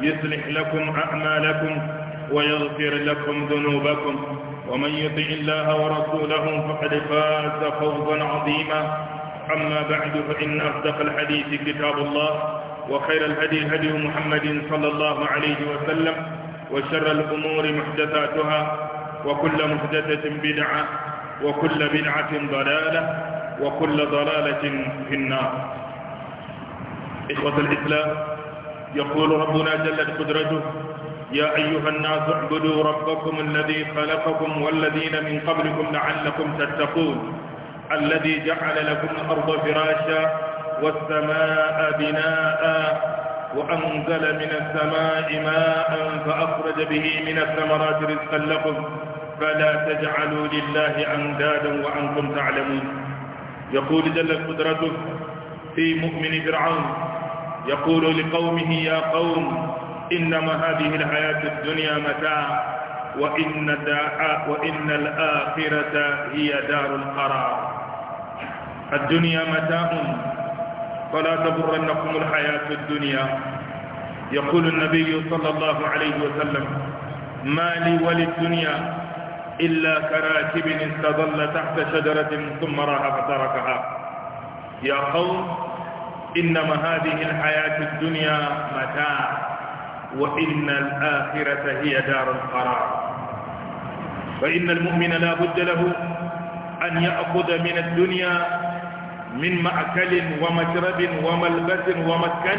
يصلح لكم أعمالكم ويغفر لكم ذنوبكم ومن يطع الله ورسوله فقد فاز فوزا عظيما أما بعد فإن أصدق الحديث كتاب الله وخير الهدي هدي محمد صلى الله عليه وسلم وشر الأمور محدثاتها وكل محدثة بدعة وكل بدعة ضلالة وكل ضلالة في النار إخوة الإسلام يقول ربنا جلت قدرته يا أيها الناس اعبدوا ربكم الذي خلقكم والذين من قبلكم لعلكم تتقون الذي جعل لكم الأرض فراشا والسماء بناء وأنزل من السماء ماء فأخرج به من الثمرات رزقا لكم فلا تجعلوا لله أندادا وأنتم تعلمون يقول جل قدرته في مؤمن فرعون يقول لقومه يا قوم إنما هذه الحياة الدنيا متاع وإن, وإن الآخرة هي دار القرار الدنيا متاع فلا تبرنكم الحياة الدنيا يقول النبي صلى الله عليه وسلم ما لي وللدنيا إلا كراكب استظل تحت شجرة ثم راح فتركها يا قوم إنما هذه الحياة الدنيا متاع وإن الآخرة هي دار القرار فإن المؤمن لا بد له أن يأخذ من الدنيا من مأكل ومشرب وملبس ومسكن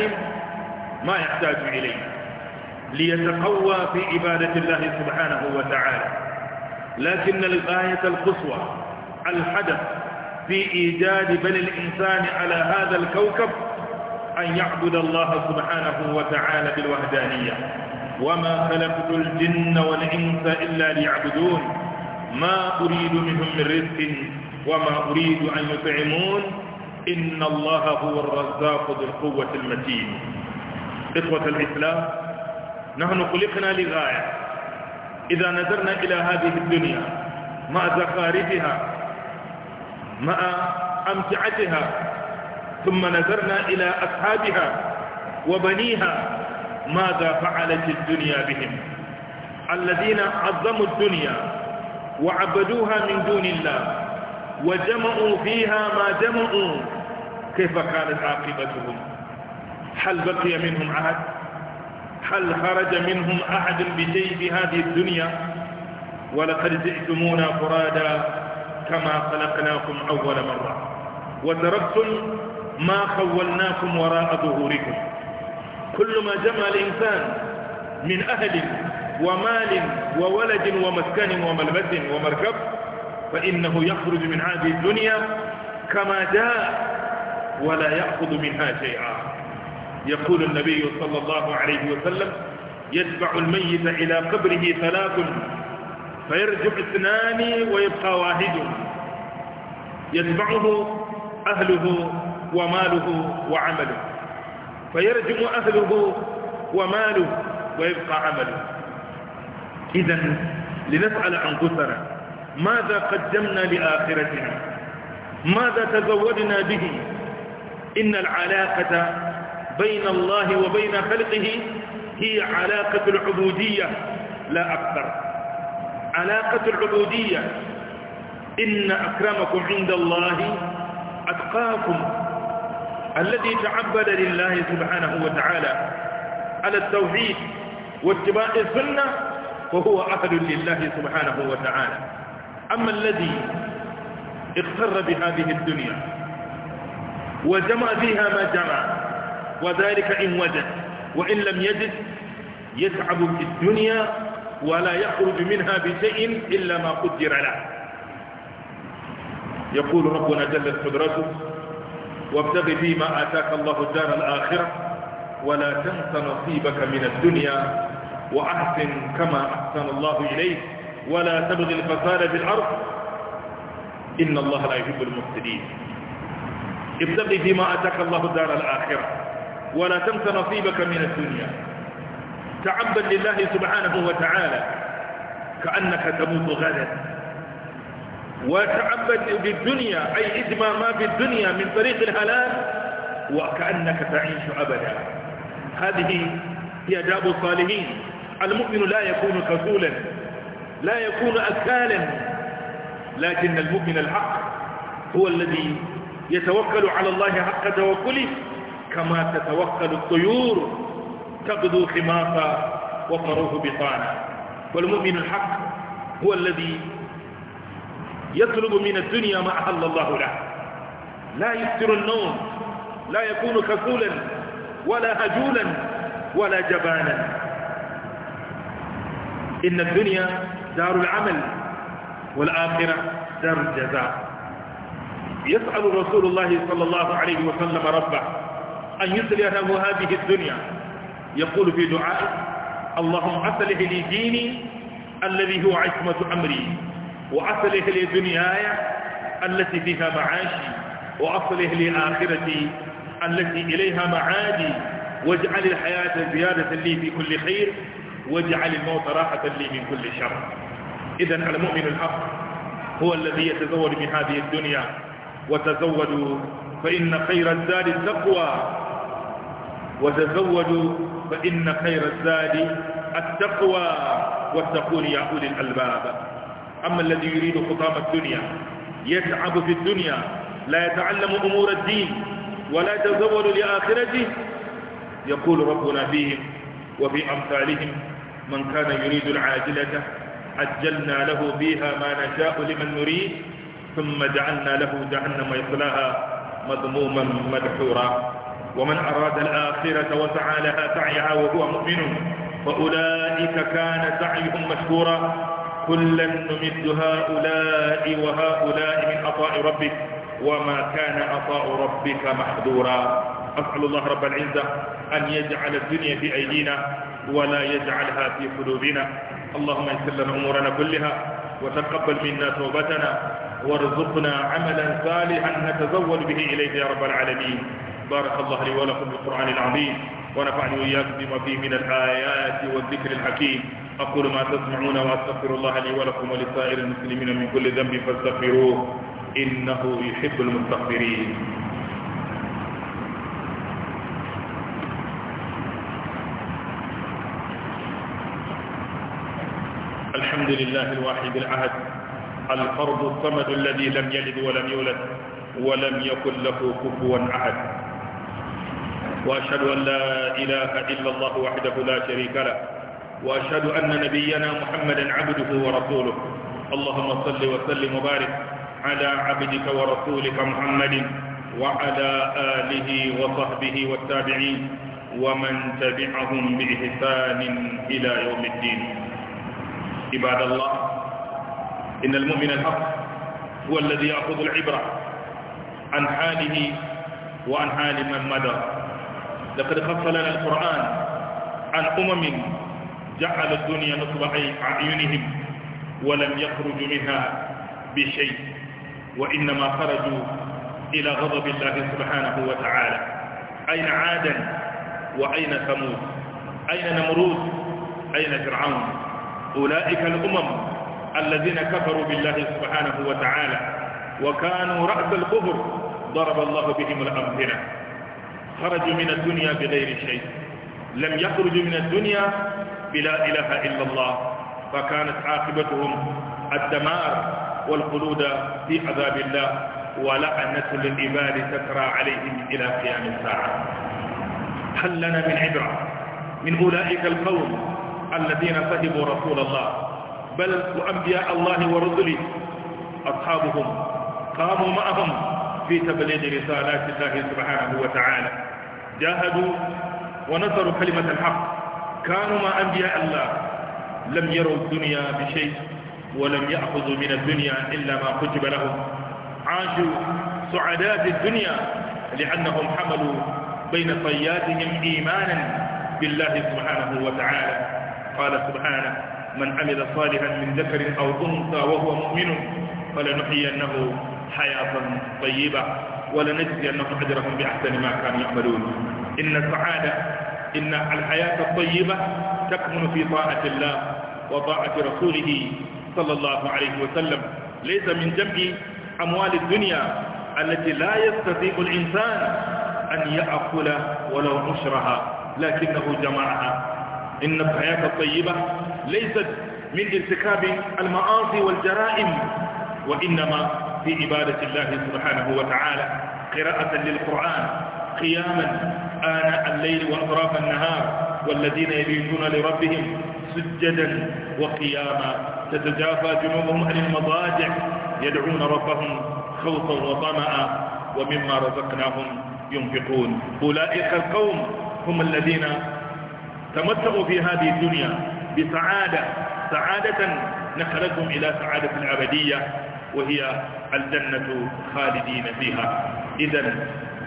ما يحتاج إليه ليتقوى في عبادة الله سبحانه وتعالى لكن الغاية القصوى الحدث في إيجاد بل الإنسان على هذا الكوكب أن يعبد الله سبحانه وتعالى بالوحدانية وما خلقت الجن والإنس إلا ليعبدون ما أريد منهم من رزق وما أريد أن يطعمون إن الله هو الرزاق ذو القوة المتين إخوة الإسلام نحن خلقنا لغاية إذا نظرنا إلى هذه الدنيا مع زخارفها مع أمتعتها ثم نظرنا إلى أصحابها وبنيها ماذا فعلت الدنيا بهم الذين عظموا الدنيا وعبدوها من دون الله وجمعوا فيها ما جمعوا كيف كانت عاقبتهم هل بقي منهم عهد هل خرج منهم أحد بشيء في هذه الدنيا ولقد جئتمونا فرادا كما خلقناكم أول مرة وتركتم ما خولناكم وراء ظهوركم كل ما جمع الإنسان من أهل ومال وولد ومسكن وملبس ومركب فإنه يخرج من هذه الدنيا كما جاء ولا يأخذ منها شيئا يقول النبي صلى الله عليه وسلم يتبع الميت إلى قبره ثلاث فيرجع اثنان ويبقى واحد يتبعه أهله وماله وعمله فيرجع أهله وماله ويبقى عمله إذا لنسأل أنفسنا ماذا قدمنا لآخرتنا ماذا تزودنا به إن العلاقة بين الله وبين خلقه هي علاقة العبودية لا أكثر علاقة العبودية إن أكرمكم عند الله أتقاكم الذي تعبد لله سبحانه وتعالى على التوحيد واتباع السنة فهو أهل لله سبحانه وتعالى أما الذي اغتر بهذه الدنيا وجمع فيها ما جمع وذلك إن وجد وإن لم يجد يتعب في الدنيا ولا يخرج منها بشيء إلا ما قدر له يقول ربنا جلت قدرته وابتغ فيما آتاك الله الدار الآخرة ولا تنس نصيبك من الدنيا وأحسن كما أحسن الله إليك ولا تبغ الفساد في الأرض إن الله لا يحب المفسدين ابتغ فيما آتاك الله الدار الآخرة ولا تنس نصيبك من الدنيا تعبا لله سبحانه وتعالى كأنك تموت غدا وتعبد بالدنيا أي إدمى ما بالدنيا من طريق الهلاك وكأنك تعيش أبدا هذه هي داب الصالحين المؤمن لا يكون كسولا لا يكون أكالا لكن المؤمن الحق هو الذي يتوكل على الله حق توكله كما تتوكل الطيور تبدو خماصا وقروه بطانا والمؤمن الحق هو الذي يطلب من الدنيا ما أهل الله له لا يكثر النوم لا يكون كسولا ولا هجولا ولا جبانا إن الدنيا دار العمل والآخرة دار الجزاء يسأل رسول الله صلى الله عليه وسلم ربه أن يسلي له هذه الدنيا يقول في دعائه اللهم أصلح لي ديني الذي هو عصمة أمري وأصلح لي دنياي التي فيها معاشي وأصلح لي آخرتي التي إليها معادي واجعل الحياة زيادة لي في كل خير واجعل الموت راحة لي من كل شر إذا المؤمن الحق هو الذي يتزود من هذه الدنيا وتزودوا فإن خير الزاد التقوى وتزودوا فإن خير الزاد التقوى والتقول يا أولي الألباب أما الذي يريد خطام الدنيا يتعب في الدنيا لا يتعلم أمور الدين ولا يتزول لآخرته يقول ربنا فيهم وفي أمثالهم من كان يريد العاجلة عجلنا له فيها ما نشاء لمن نريد ثم جعلنا له جهنم يصلاها مذموما مدحورا ومن أراد الآخرة وسعى لها سعيها وهو مؤمن فأولئك كان سعيهم مشكورا كلا نمد هؤلاء وهؤلاء من عطاء ربك وما كان عطاء ربك محظورا أسأل الله رب العزة أن يجعل الدنيا في أيدينا ولا يجعلها في قلوبنا اللهم يسر لنا أمورنا كلها وتقبل منا توبتنا وارزقنا عملا صالحا نتزول به إليك يا رب العالمين بارك الله لي ولكم بالقرآن العظيم ونفعني وإياكم بما فيه من الآيات والذكر الحكيم أقول ما تسمعون وأستغفر الله لي ولكم ولسائر المسلمين من كل ذنب فاستغفروه إنه يحب المستغفرين الحمد لله الواحد العهد الفرد الصمد الذي لم يلد ولم يولد ولم يكن له كفوا أحد وأشهد أن لا إله إلا الله وحده لا شريك له وأشهد أن نبينا محمدا عبده ورسوله اللهم صل وسلم وبارك على عبدك ورسولك محمد وعلى آله وصحبه والتابعين ومن تبعهم بإحسان إلى يوم الدين عباد الله إن المؤمن الحق هو الذي يأخذ العبرة عن حاله وعن حال من مدى لقد خف لنا القرآن عن أمم جعل الدنيا نصب أعينهم ولم يخرجوا منها بشيء وإنما خرجوا إلى غضب الله سبحانه وتعالى أين عادا وأين ثمود أين نمرود أين فرعون أولئك الأمم الذين كفروا بالله سبحانه وتعالى وكانوا رأس الكفر ضرب الله بهم الأمثلة خرجوا من الدنيا بغير شيء لم يخرجوا من الدنيا بلا إله إلا الله فكانت عاقبتهم الدمار والخلود في عذاب الله ولعنة للإبال تترى عليهم إلى قيام الساعة هل لنا من عبرة من أولئك القوم الذين فهموا رسول الله بل وأنبياء الله ورسله أصحابهم قاموا معهم في تبليغ رسالات الله سبحانه وتعالى جاهدوا ونصروا كلمة الحق كانوا مع أنبياء الله لم يروا الدنيا بشيء ولم يأخذوا من الدنيا إلا ما كتب لهم عاشوا سعداء الدنيا لأنهم حملوا بين صياتهم إيمانا بالله سبحانه وتعالى قال سبحانه من عمل صالحا من ذكر أو أنثى وهو مؤمن فلنحيينه حياة طيبة ولنجزي أنهم أجرهم بأحسن ما كانوا يعملون إن السعادة إن الحياة الطيبة تكمن في طاعة الله وطاعة رسوله صلى الله عليه وسلم ليس من جمع أموال الدنيا التي لا يستطيع الإنسان أن يأكل ولو نشرها لكنه جمعها إن الحياة الطيبة ليست من ارتكاب المعاصي والجرائم وإنما في عبادة الله سبحانه وتعالى قراءة للقرآن قياما آناء الليل وأطراف النهار والذين يبيتون لربهم سجدا وقياما تتجافى جنوبهم عن المضاجع يدعون ربهم خوفا وطمعا ومما رزقناهم ينفقون أولئك القوم هم الذين تمتعوا في هذه الدنيا بسعادة سعادة نقلتهم إلى سعادة الأبدية وهي الجنة خالدين فيها إذا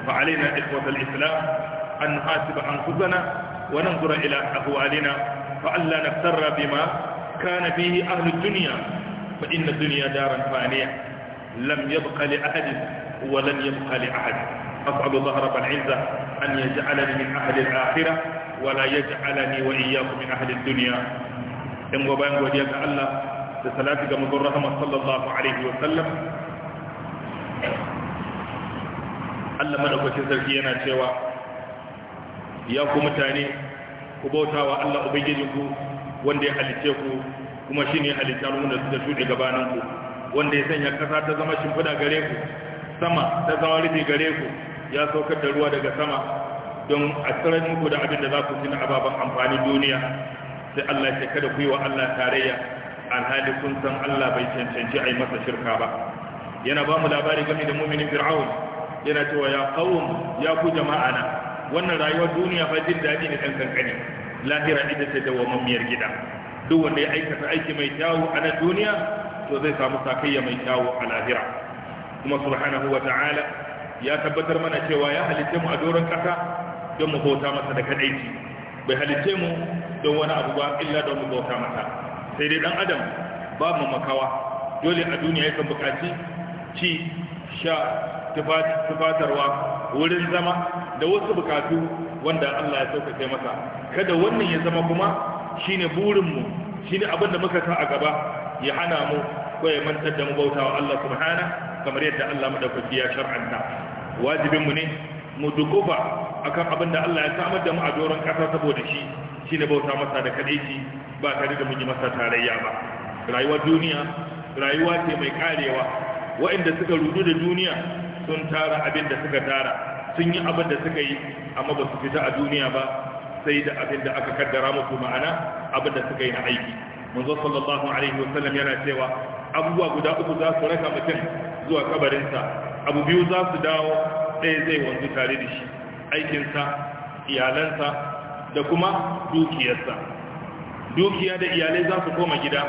فعلينا إخوة الإسلام أن نحاسب أنفسنا وننظر إلى أهوالنا فألا نغتر بما كان فيه أهل الدنيا فإن الدنيا دار فانية لم يبق لأحد ولن يبقى لأحد أصعب الله رب العزة أن يجعلني من أهل الآخرة ولا يجعلني وإياكم من أهل الدنيا إن وبان وديك الله da salati ga mazun rahama sallallahu alaihi wa sallam Allah madaukakin sarki yana cewa ya ku mutane ku bautawa Allah ubangijinku wanda ya halice ku kuma shine halitta mun da suka shuɗe gabaninku wanda ya sanya ƙasa ta zama shimfiɗa gare ku sama ta zama rufe gare ku ya saukar da ruwa daga sama don a tsirar muku da abin da za ku ci na ababen amfanin duniya sai Allah ya kada ku yi wa Allah tarayya alhali kun san Allah bai cancanci a yi masa shirka ba yana ba mu labari game da muminin fir'aun yana cewa ya qawm ya ku jama'a na wannan rayuwar duniya fa jin daɗi ne dan kankani lahira da ce miyar gida duk wanda ya aikata aiki mai kyawu a na duniya to zai samu sakayya mai kyawu a lahira kuma subhanahu wa ta'ala ya tabbatar mana cewa ya halitta mu a doron kasa don mu bauta masa da kaɗaici bai halitta mu don wani abu ba illa don mu bauta masa sai dai dan adam babu makawa dole a duniya yakan bukaci ci sha tufatarwa wurin zama da wasu bukatu wanda Allah ya sauka sai masa kada wannan ya zama kuma shine burinmu shine abin da muka sa a gaba ya hana mu ko ya mantar da mu bautawa Allah subhana kamar yadda Allah mu madaukaki ya shar'anta wajibin mu ne mu dukufa akan abin da Allah ya samar da mu a doron kasa saboda shi shi ne bauta masa da kadaici ba tare da mun yi masa tarayya ba rayuwar duniya rayuwa ce mai karewa waɗanda suka rudu da duniya sun tara abin da suka tara sun yi abin da suka yi amma ba su fita a duniya ba sai da abin da aka kaddara musu ma'ana abin da suka yi na aiki manzo sallallahu alaihi wasallam yana cewa abubuwa guda uku za su raka mutum zuwa kabarinsa abu biyu za su dawo ɗaya zai wanzu tare da shi aikinsa iyalansa da kuma dukiyarsa dukiya da iyalai za su koma gida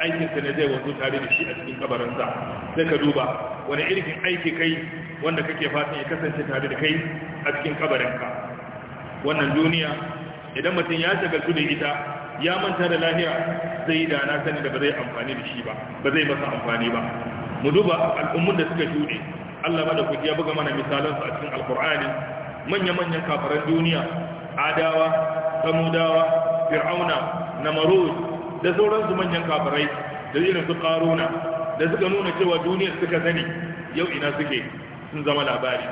aikinsa ne zai wanzu tare da shi a cikin kabarinsa sai ka duba wani irin aiki kai wanda kake fatan ya kasance tare da kai a cikin kabarinka wannan duniya idan mutum ya shagaltu da ita ya manta da lahira zai yi dana sani da ba zai amfani da shi ba ba zai masa amfani ba mu duba al'ummun da suka shuɗe Allah da kuji ya buga mana misalansu a cikin alkur'ani manya-manyan kafaran duniya adawa samudawa fir'auna namarud da sauransu manyan kafirai da irin su karuna da suka nuna cewa duniya suka sani yau ina suke sun zama labari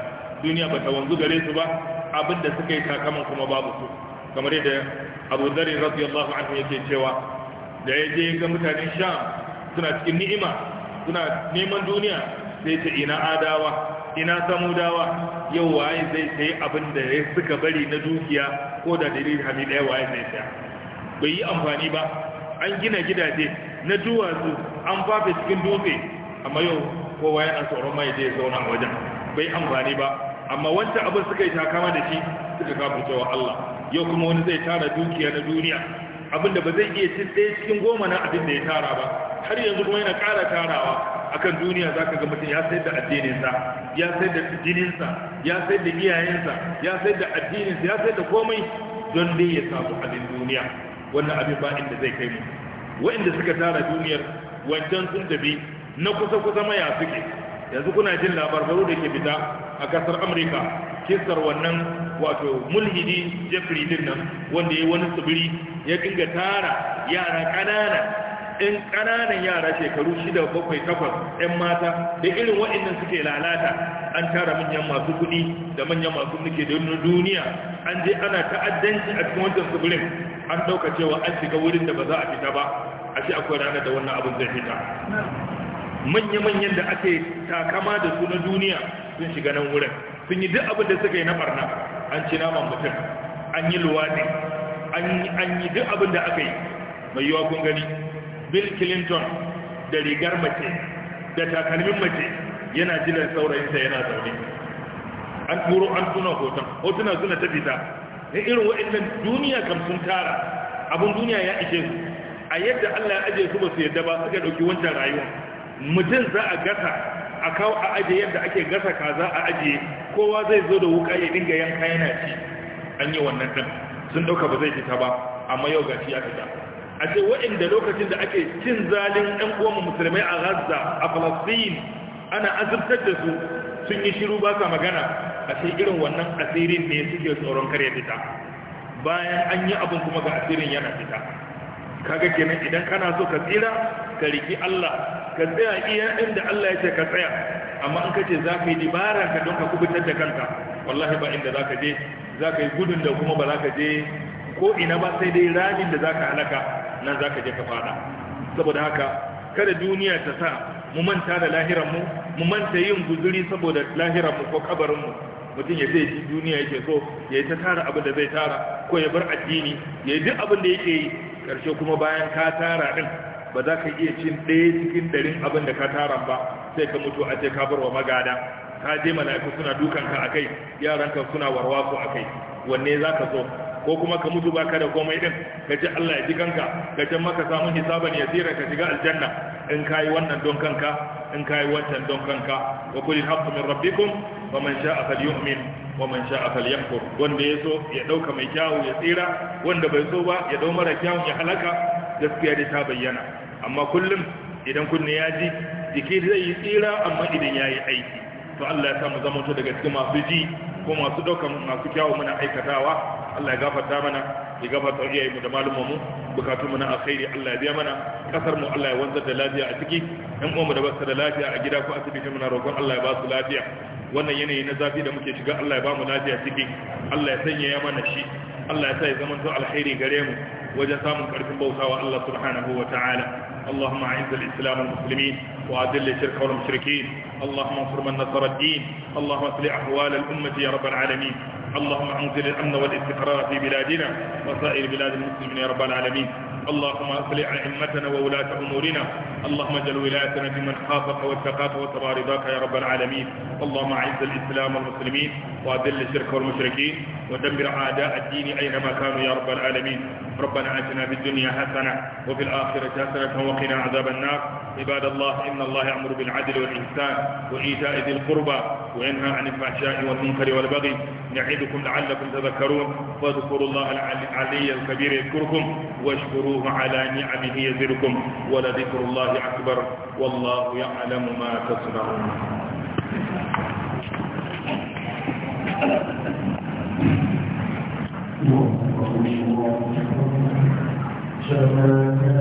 duniya ba ta wanzu gare su ba abinda suka yi takaman kuma babu su kamar yadda abu zarin radiyallahu anhu yake cewa da ya je ga mutanen sham suna cikin ni'ima suna neman duniya sai ta ina adawa ina samu dawa yau waye zai sai abin da ya suka bari na dukiya ko da dalilin hami da waye zai saya bai yi amfani ba an gina gidaje na duwatsu an fafe cikin dutse amma yau ko waye an tsoro mai zai zauna a wajen bai amfani ba amma wanda abin suka yi takama da shi suka kafa cewa Allah yau kuma wani zai tara dukiya na duniya abinda ba zai iya cin ɗaya cikin goma na abin da ya tara ba har yanzu kuma yana ƙara tarawa akan duniya za ka ga mutum ya sayar da addininsa ya sayar da jininsa ya sayar da iyayensa ya sayar da addininsa ya sayar da komai don dai ya samu abin duniya wannan abin ba inda zai kai mu wa'inda suka tara duniyar wancan sun tafi na kusa-kusa maya suke yanzu kuna jin labarbaru da ke fita a kasar amurka kisar wannan wato mulhidi Jafri din nan wanda ya wani tsibiri ya dinga tara yara kanana in ƙananan yara shekaru shida bakwai takwas 'yan mata da irin waɗannan suke lalata an tara manyan masu kuɗi da manyan masu nuke da duniya an je ana ta'addanci a cikin wancan tsibirin an ɗauka cewa an shiga wurin da ba za a fita ba a shi akwai ranar da wannan abin zai fita manya-manyan da ake takama da su na duniya sun shiga nan wurin sun yi duk abin da suka yi na barna an ci naman mutum an yi luwaɗi an yi duk abin da aka yi mai yiwa kun gani bill clinton da rigar mace da takalmin mace yana jiran saurayinsa yana zaune an turo an tuna hoton hotuna suna ta fita da irin waɗannan duniya kam sun tara abin duniya ya ishe su a yadda allah ya ajiye su ba su yadda ba suka ɗauki wancan rayuwa mutum za a gasa a kawo a ajiye yadda ake gasa kaza a ajiye kowa zai zo da wuka ya dinga yanka yana ci an yi wannan din sun dauka ba zai fita ba amma yau ga shi ya fita a ce waɗanda lokacin da ake cin zalin ɗan uwan musulmai a Gaza a Palestine ana azabtar da su sun yi shiru ba sa magana a ce irin wannan asirin ne suke tsoron kare fita bayan an yi abin kuma ga asirin yana fita kaga kenan idan kana so ka tsira ka riki Allah ka tsaya iya inda Allah ya ce ka tsaya amma in ka ce za ka yi dibara ka don ka kubutar da kanka wallahi ba inda za ka je za ka yi gudun da kuma ba za ka je ko ina ba sai dai ramin da za ka halaka nan za ka je ka fada saboda haka kada duniya ta sa mu manta da lahirar mu mu manta yin guzuri saboda mu ko mu, mutum ya zai duniya yake so ya yi ta tara abin da zai tara ko ya bar addini ya yi duk abin da yake yi karshe kuma bayan ka tara din ba za ka iya cin ɗaya cikin ɗarin abin da ka tara ba sai ka mutu a ce ka bar wa magada ka je mala'iku suna dukan ka akai yaran ka suna warwaso akai wanne za ka so ko kuma ka mutu baka da komai din ka ji Allah ya ji kanka ka ji maka samu hisaban yasira ka shiga aljanna in kai wannan don kanka in kai wancan don kanka wa kulli haqqi min rabbikum wa man sha'a falyu'min wa man sha'a falyakfur wanda yaso ya dauka mai kyau ya tsira wanda bai so ba ya dau mara kyawun ya halaka gaskiya da ta bayyana amma kullum idan kunne ya ji jiki zai yi tsira amma idan yayi aiki to Allah ya samu zamanto daga cikin masu ji ko masu ɗaukan masu kyau muna aikatawa Allah ya gafarta mana ya gafarta iyaye mu da malumman mu bukatu mu na alkhairi Allah ya biya mana kasar mu Allah ya wanzar da lafiya a ciki ɗan uwan mu da basu da lafiya a gida ko asibiti muna roƙon Allah ya ba su lafiya wannan yanayi na zafi da muke shiga Allah ya ba mu lafiya ciki Allah ya sanya ya mana shi Allah ya sa ya zama to alkhairi gare mu wajen samun karfin bautawa Allah subhanahu wa ta'ala اللهم اعز الإسلام والمسلمين وأذل الشرك والمشركين اللهم انصر من نصر الدين اللهم اصلح أحوال الأمة يا رب العالمين اللهم أنزل الأمن والاستقرار في بلادنا وسائر بلاد المسلمين يا رب العالمين اللهم أصلح أئمتنا وولاة أمورنا اللهم اجعل ولايتنا بمن خافك واتقاك واتبع رضاك يا رب العالمين اللهم أعز الإسلام والمسلمين وأذل الشرك والمشركين ودمر أعداء الدين أينما كانوا يا رب العالمين ربنا آتنا في الدنيا حسنة وفي الآخرة حسنة وقنا عذاب النار عباد الله إن الله يأمر بالعدل والإحسان وإيتاء ذي القربى وينهى عن الفحشاء والمنكر والبغي نعيدكم لعلكم تذكرون فاذكروا الله العلي الكبير يذكركم واشكروه على نعمه يزدكم ولذكر الله أكبر والله يعلم ما تصنعون Thank you.